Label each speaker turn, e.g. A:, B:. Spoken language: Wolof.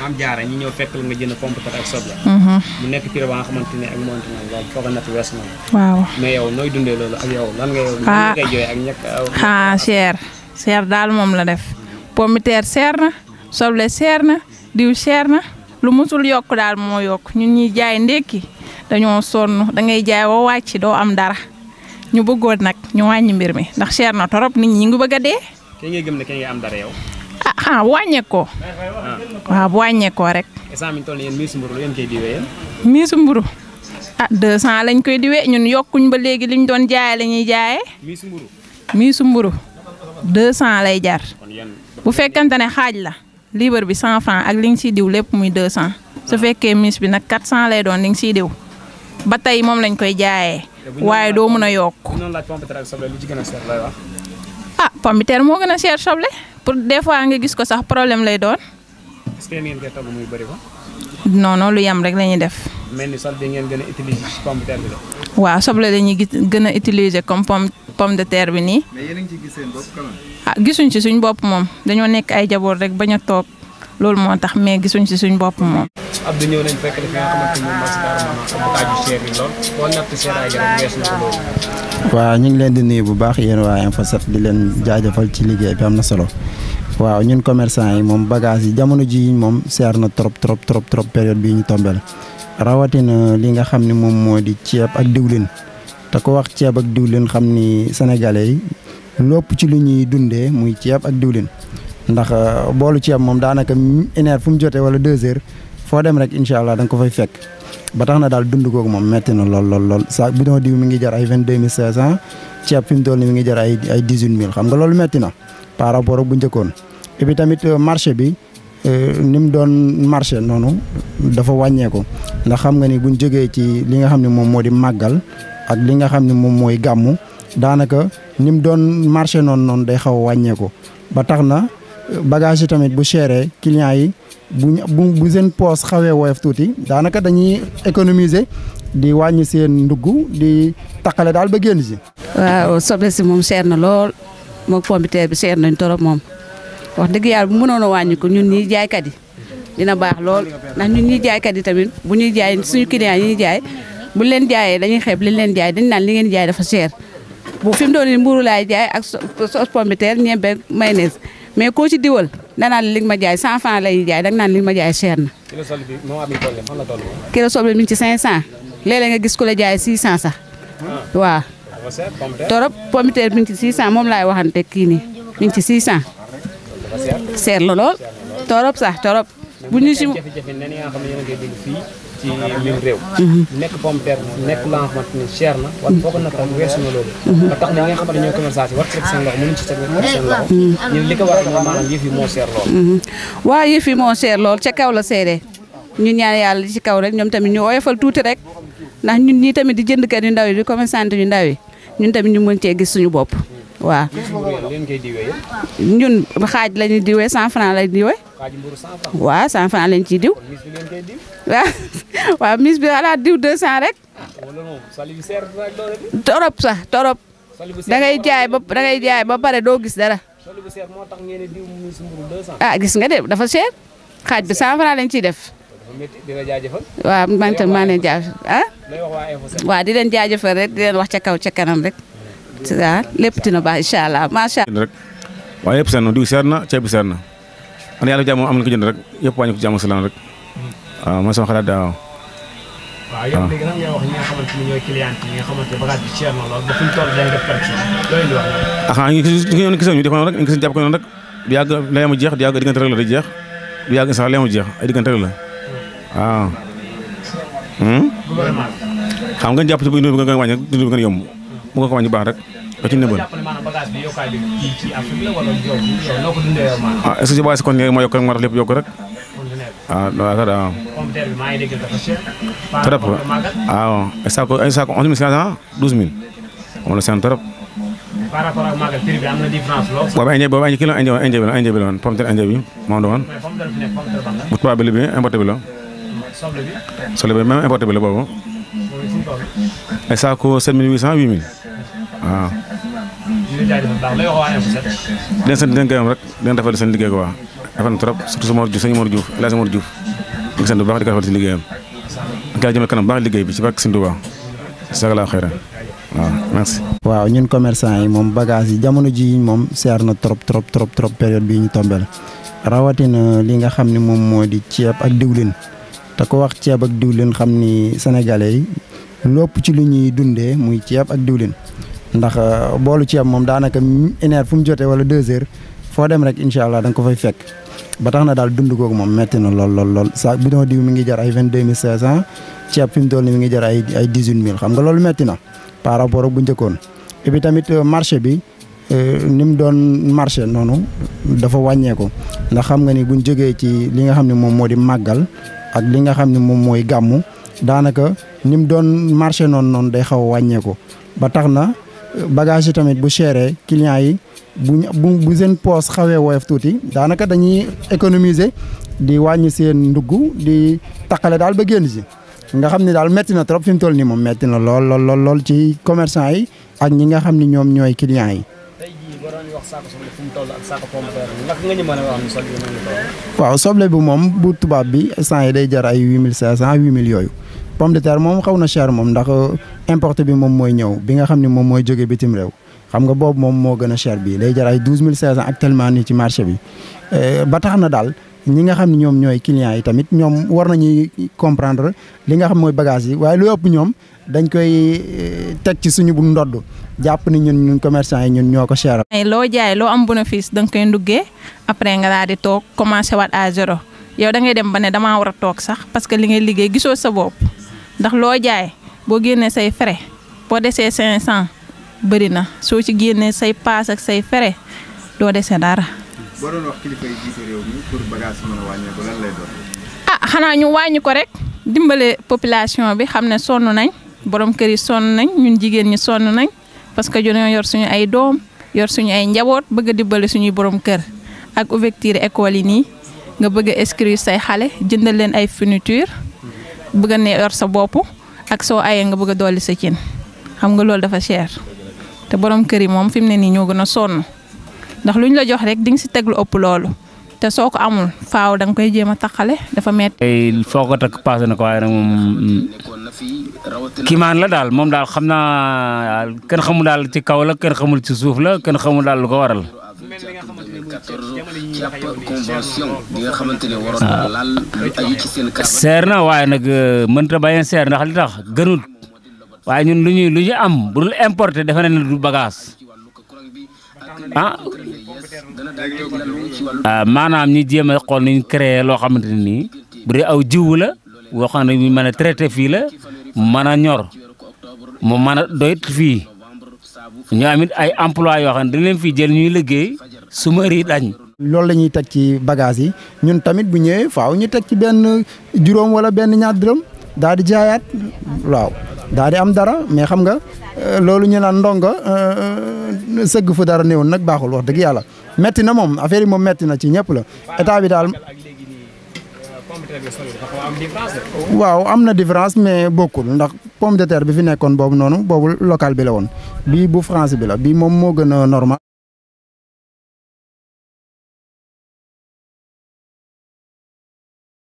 A: maam jaara ñi ñëw fekk la nga jënd pompatër ak soble mm-hmm. mu nekk prix ba nga xamante ne ak monte a natt wees na waaw mais yow nooy dundee loolu ak yow lan nga yow ah ngay jooy
B: ak daal moom la def pompiteer cher na soble cher na diw cher na lu musul yokk daal moo yokk ñu ñuy jaay ndékki dañoo sonn dangay ngay jaay woo wàcc doo am dara ñu bëggoon nag ñu wàññi mbir mi ndax cher na torop nit ñi ngi bëgg a dee.
A: gëm ne kañ yow.
B: waa ah, bu wàññeekoo. waaw bu wàññeekoo rek.
A: instant mi ñu toll nii yéen miisu
B: mburu la yéen koy ah lañ koy diwee ñun yokkuñ ba léegi liñ doon jaayee la ñuy jaayee. miisu mburu. miisu mburu lay jar. bu fekkante ne xaaj la liibar bi 100 francs ak li nga siy diw lépp muy 200. su ah. fekkee miis bi nag 400 lay doon li nga siy diw. ba tey moom lañ koy jaaye waaye doo mën a yokk. pompiteer moo gën a cher soble pour des fois nga gis ko sax problème lay doon.
A: est-ce que ngeen koy togg muy bëri ko.
B: non non lu yam rek la ñuy def.
A: mel ni soble ngeen gën bi la.
B: waaw soble la gis gën a utiliser comme pomme pomme de terre bi nii. a
A: ngi ciy gis seen
B: ah gisuñ ci suñ bopp moom dañoo nekk ay jaboot rek bañ a toog. loolu moo tax mais gisuñ suñ bopp moom.
C: Abdou ñëw nañ ñu ngi leen di nuyu bu baax yéen waa Info 7 di leen jaajëfal ci liggéey bi am na solo waaw ñun commerçant yi moom bagage yi jamono ji moom seer na trop trop trop trop période bii ñu tombé rawatina li nga xam ni moom moo di ceeb ak diwlin te ko wax ceeb ak diwlin xam ni sénégalais yi lépp ci lu ñuy dundee muy ceeb ak diwlin. ndax euh, boolu ceeb moom daanaka une fu mu jotee wala deux heures foo dem rek incha allah da ko fay fekk ba tax na daal dund googu moom metti na lool lool lool sa bidon diw mi jar ay vingt deux mille cinq cent ceeb fi mu toll ni mi ngi jar ay ay dix huit mille xam nga loolu metti na par rapport ak bu njëkkoon et puis tamit euh, marché bi euh, ni mu doon marché noonu dafa wàññeeku ndax xam nga ni buñ jógee ci li nga xam ne moom moo di màggal ak li nga xam ne moom mooy gàmmu daanaka ni mu doon marché noonu noonu day xaw a ba tax na bagage yi tamit bu chéré clients yi bu bu seen poos xawee woyof tuuti daanaka dañuy économiser di wàññi seen ndugg di taqale daal ba génn si.
D: waaw soble si moom cher na lool moom pompiteer bi cher nañ torop moom wax dëgg yàlla bu mënoon a ñun ñii jaaykat yi dina baax lool ndax ñun ñii jaaykat yi tamit bu ñuy jaay suñu client yi ñu jaay bu leen jaayee dañuy xeeb li leen jaay dañ naan li ngeen jaay dafa cher bu fi mu doon nii mburu laay jaay mais koo ci diwal danaan li ma jaay 100 la lay jaay danga naan li ma jaay cher na.
A: kilo soble bi la toll.
D: kilo soble mi ci 500 léeg-léeg nga gis ko la jaay 600 sax ah. waaw. torop pomiteer mi ngi ci 600 moom laay waxante kii nii mi ngi ci 600. seer la lool torop sax torop.
A: bu ñu si ci mim réew nekk pomme terre nekk loo xamante ni cher na wala li ko war a moo cher lool
D: mhm. waa yëf yi moo cher lool ca kaw la seeree ñu ñaan yàlla ci kaw rek ñoom tamit ñu oyofal tuuti rek ndax ñu ñi tamit di jëndkat yu ndaw yi di commerçant yu ndaw yi ñun tamit ñu mën cee gis suñu bopp waaw ñun xaaj lañu diwee cent franc lañu diwee waaw cent franc lañ ci diw waaw waaw mis bi xalaat diw 200 rek. torop sax torop. da ngay jaay ba da ngay jaay ba pare doo gis dara. ah gis nga de dafa cher. xaaj bi 100 francs lañ ciy def.
A: waa man tam maa leen
D: jaajëf ah. waaw di leen jaajëfal rek di leen wax ca kaw ca kanam rek. waaw lépp dina baax incha allah macha
A: allah. waaye yëpp seer na diw seer na ceeb bi seer na. man yàlla jàmm am na ko jënd rek yëpp waa ñu ko jàmm rek. waaw ah, mooy sama xalaat daal waaw.
C: waaw yow léegi lan ngay wax ñi nga xamante ni ñooy client yi nga xamante ni bagage bi cher na lool ba fu ñu toll dañu def perte loolu ñu wax.
A: ah ñu gis ñu gis ñu def noonu rek ñu gis ñu jàpp ko noonu rek du yàgg lee mu jeex du yàgg diggante rek la day jeex du yàgg sax lee mu jeex ay diggante rek la waaw. Ah. Hmm? gouvernement bi. xam nga jàpp si bu dund bi nga wàññi rek dund bi nga yomb bu nga ko wàññi baax rek. ba ci nëbën ah est-ce que si bagage bi kon moo yokk rek moo tax lépp yokk rek ah waaw ka da trop ah ay saako ay saako onze mille cinq cent ah, douze mille moom la seen trop par rapport bi am boobu indien kilo indien indien bi la indien bi la woon pomme de terre indien bi moom la woon boobu ay saako sept mille huit cent huit mille ah. waaw den seen liggéey ko waa rafet na trop surtout sa Mor Diouf sëñ Mor Diouf El Hadj Mor Diouf di ko sant bu baax di ko rafetlu si liggéeyam ak yàlla jëmale kanam baax liggéey bi ci bàkk Sëñ Tuubaa sagalaa xëyra
C: waaw merci. waaw ñun commerçant yi moom bagage yi jamono ji moom seer na trop trop trop trop période bii ñu tombé la rawatina li nga xam ne moom moo di ceeb ak diwlin te ko wax ceeb ak diwlin xam ni sénégalais yi lépp ci lu ñuy dundee muy ceeb ak diwlin ndax euh, boolu ceeb moom daanaka une heure fu mu jotee wala deux heures foo dem rek incha allah da nga ko fay fekk ba tax na daal dund googu moom metti na lool lool lool sa bidon diw mi ngi jar ay vingt deux mille cinq fi mu toll mi ngi jar ay ay dix huit mille xam nga loolu metti na par rapport ak bu njëkkoon et tamit euh, marché bi euh, ni mu doon marché noonu dafa wàññeeku ndax xam nga ni buñ jógee ci li nga xam ne moom moo di màggal ak li nga xam ne moom mooy gàmmu daanaka ni mu doon marché noonu noonu day xaw a wàññeeku ba tax na bagage yi tamit bu chere client yi bu bu seen poos xawee woyof tuuti daanaka dañuy économiser di wàññi seen ndugg di taqale daal ba génn si nga xam ne daal métti na trop fi mu toll nii moom métti na lool lool ci commerçant yi ak ñi nga xam ni ñoom ñooy client yi. waaw soble bi moom bu tubaab bi instant yi day jar ay huit mille cinq cent huit mille yooyu pomme de terre moom xaw na cher moom ndax. importe bi moom mooy ñëw bi nga xam ne moom mooy jóge bitim réew xam nga boobu moom moo gën a cher bi day jar ay douze mille cinq cent actuellement nii ci marché bi euh, ba tax na daal ñi nga xam ne ñoom ñooy clients yi tamit ñoom war nañuy comprendre li nga xam mooy bagage yi waaye lu ëpp ñoom dañ koy euh, teg ci suñu bu ndodd jàpp ni ñun ñun commerçant yi ñun ñoo ko cher.
B: loo jaay loo am bénéfice da nga koy nduggee après nga daal di toog commencé waat à yow da ngay dem ba ne damaa war a toog sax parce que li ngay liggéey gisoo sa bopp ndax loo jaay. boo génnee say fere boo desee 500 bëri na soo ci génnee say paas ak say fere doo dese dara. a ah, xanaa ñu wàññi ko rek dimbale population bi xam ne sonn nañ borom kër yi sonn nañ ñun jigéen ñi sonn nañ parce que dañoo yor suñu ay doom yor suñu ay njaboot bëgg dimbale suñuy borom kër ak ouverture école yi nii nga bëgg a say xale jëndal leen ay fourniture bëgg a ne yor sa bopp. ak soo ayee nga bëgg a dolli sa cin xam nga loolu dafa cher te borom kër yi moom fi mu ne nii ñoo gën a sonn ndax lu ñu la jox rek di nga si teg lu ëpp loolu te soo ko amul faaw da koy jéem
A: a taxale dafa metti. foo ko takk na ko waaye nag moom mm, kiimaan la daal moom daal xam naa kenn xamul daal ci kaw la kenn xamul ci suuf la kenn xamul daal lu ko waral. waaw seer na waaye nag euh, mënta ba a seer ndax li tax gënut waaye ñun lu ñuy lu ñu am bu dul importé defe nañ ne du bagage ah. Ah. Euh, maanaam ñi jéem a xool nu ñu créé loo xamante ne nii bu dee aw jiw la woo xam ne ñu mën a traité fii la mën a ñor mu mën a doyit fii. ñu amit ay emploi yoo xam ne dañ leen fi jël ñuy liggéey su ma rii
C: loolu la ñuy teg ci bagage yi ñun tamit bu ñëwee faaw ñu teg ci benn juróom wala benn ñaar dërëm daal di jaayaat waaw daal di am dara mais xam nga euh, loolu ñu naan ndonga euh, euh, sëgg fu dara néewoon nag baaxul wax dëgg yàlla metti na moom affaire yi moom metti na ci ñëpp la état bi daal waaw am na différence mais bokkul ndax pomme de terre bi fi nekkoon boobu noonu boobu local bi la woon bii bu France bila bii moom moo gën a normal.